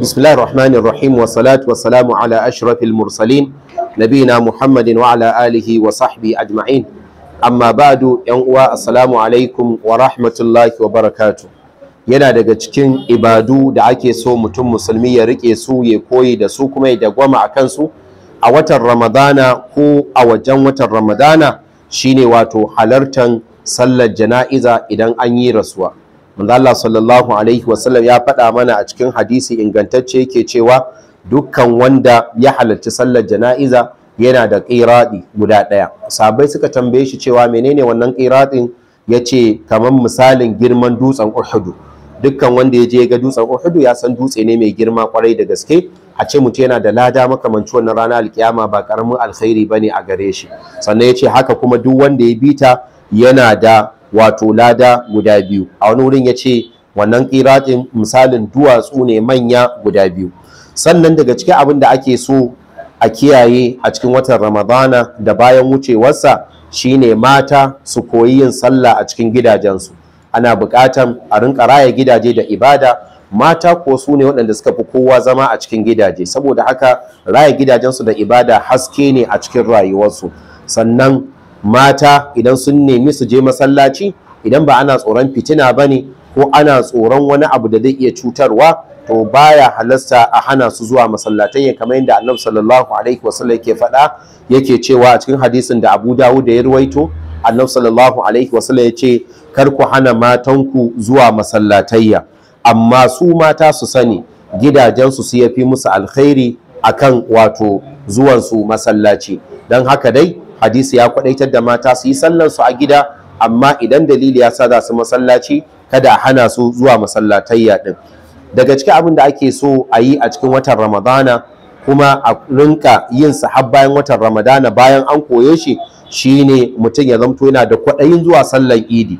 بسم الله الرحمن الرحيم والصلاة والسلام على أشرف المرسلين نبينا محمد وعلى آله وصحبه أجمعين أما بعد ينقوى السلام عليكم ورحمة الله وبركاته yana daga cikin ibadu da ake so mutum musulmi ya rike su ya koyi da su kuma ya dagwama a kansu a watan ramadana ko a wajen watan ramadana shine wato halartan sallar jana'iza idan an yi rasuwa manzo Allah sallallahu alaihi wasallam ya faɗa mana a cikin hadisi ingantacce yake cewa dukkan wanda ya halarci sallar jana'iza yana da qiradi guda ɗaya sabai suka tambaye shi cewa menene wannan qiradin yace kamar misalin girman dutsen Uhudu? dukkan wanda ya je ga dutsen Uhudu ya san dutse ne mai girma kwarai da gaske a ce mutum yana da lada makamanci wannan rana alkiyama ba karamin alkhairi bane a gare shi sannan yace haka kuma duk wanda ya bita yana da wato lada guda biyu a wani wurin ya ce wannan ƙiratin misalin duwatsu ne manya guda biyu sannan daga cikin abin da ake so a kiyaye a cikin watan ramadana da bayan wucewarsa shine mata su koyi yin sallah a cikin gidajensu ana buƙatan a rinka raya gidaje da ibada mata ko su ne waɗanda suka fi kowa zama a cikin gidaje saboda haka raya gidajensu da ibada haske ne a cikin rayuwarsu sannan mata idan sun nemi su je masallaci idan ba ana tsoron fitina ba ne ko ana tsoron wani abu da zai iya cutarwa to baya halasta a hana su zuwa masallatai kamar yadda annabi sallallahu alaihi wasallam yake faɗa yake cewa a cikin hadisin da Abu Dawud da ya ruwaito annabi sallallahu alaihi wasallam ya ce kar ku hana matanku zuwa masallatayya amma su mata su sani gidajensu su yafi musu alkhairi akan wato zuwan su masallaci don haka dai hadisi ya kwadaitar da mata su yi sallar su a gida amma idan dalili ya sa za su masallaci kada hana su zuwa masallatayya din daga cikin abin da ake so a yi a cikin watan ramadana kuma a rinka yin sa har bayan watan ramadana bayan an koye shi shine mutum ya zamto yana da kwaɗayin zuwa sallar idi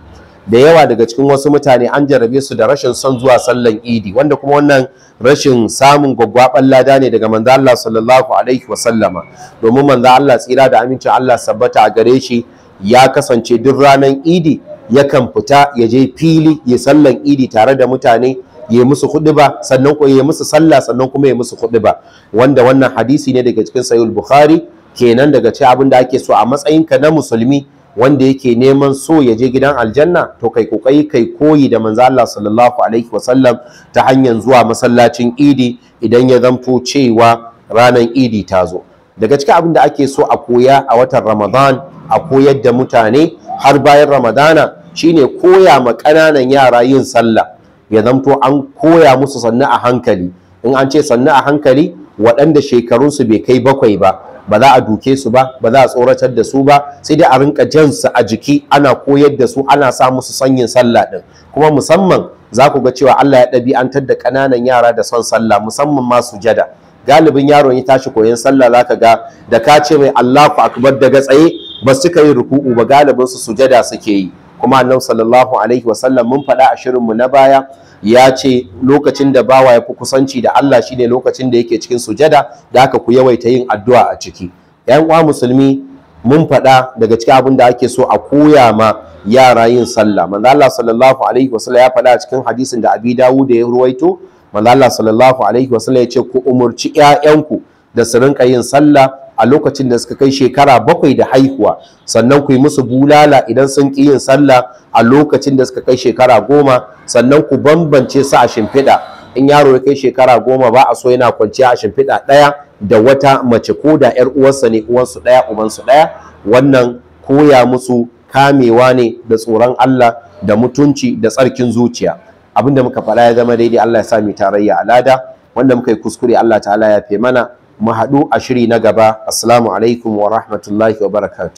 da yawa daga cikin wasu mutane an jarabe su da rashin son zuwa sallan idi wanda kuma wannan rashin samun gwaggwaban lada ne daga manzo Allah sallallahu alaihi wasallama domin manzo Allah tsira da amincin Allah sabbata a gare shi ya kasance duk ranar idi yakan fita ya je fili ya sallan idi tare da mutane ya musu ba sannan ko ya musu sallah sannan kuma ya musu ba wanda wannan hadisi ne daga cikin sahih bukhari kenan daga ce abin da ake so a matsayinka na musulmi wanda yake neman so ya je gidan aljanna to kai kokai kai koyi da manzo Allah sallallahu alaihi wasallam ta hanyar zuwa masallacin idi idan ya zanto cewa ranar idi ta zo daga cikin abin da ake so a koya a watan ramadan a koyar da mutane har bayan ramadana shine koya ma ƙananan yara yin sallah ya zanto an koya musu sannu a hankali in an ce sannu a hankali waɗanda shekarunsu bai kai bakwai ba ba za a duke su ba ba za a tsoratar da su ba sai dai a rinka jan su a jiki ana koyar da su ana sa musu sanyin sallah din kuma musamman za ku ga cewa Allah ya ɗabi'antar da ƙananan yara da son sallah musamman ma sujada galibin yaron ya tashi koyon sallah zaka ga da ka ce mai Allahu akbar daga tsaye ba su kai ruku'u ba galibin su sujada suke yi kuma annabi sallallahu alaihi wasallam mun faɗa a shirin mu na baya ya ce lokacin da bawa ya fi kusanci da Allah shine lokacin da yake cikin sujada da aka ku yawaita yin addu'a a ciki yan uwa musulmi mun faɗa daga cikin abin da ake so a koya ma yara yin sallah manzo Allah sallallahu alaihi wasallam ya faɗa a cikin hadisin da Abi Dawud ya ruwaito manzo Allah sallallahu alaihi wasallam ya ce ku umurci ƴaƴanku da su rinka yin sallah a lokacin da suka kai shekara bakwai da haihuwa sannan ku yi musu bulala idan sun ƙi yin sallah a lokacin da suka kai shekara goma sannan ku bambance su a shimfiɗa in yaro ya kai shekara goma ba a so yana kwanciya a shimfiɗa ɗaya da wata mace ko da 'yar uwarsa ne uwansu ɗaya ubansu ɗaya wannan koya musu kamewa ne da tsoron Allah da mutunci da tsarkin zuciya abinda muka faɗa ya zama daidai Allah ya sa mu tarayya alada wanda muka yi kuskure Allah ta'ala ya fe mana mu haɗu a shiri na gaba assalamu alaikum wa rahmatullahi wa barakatuh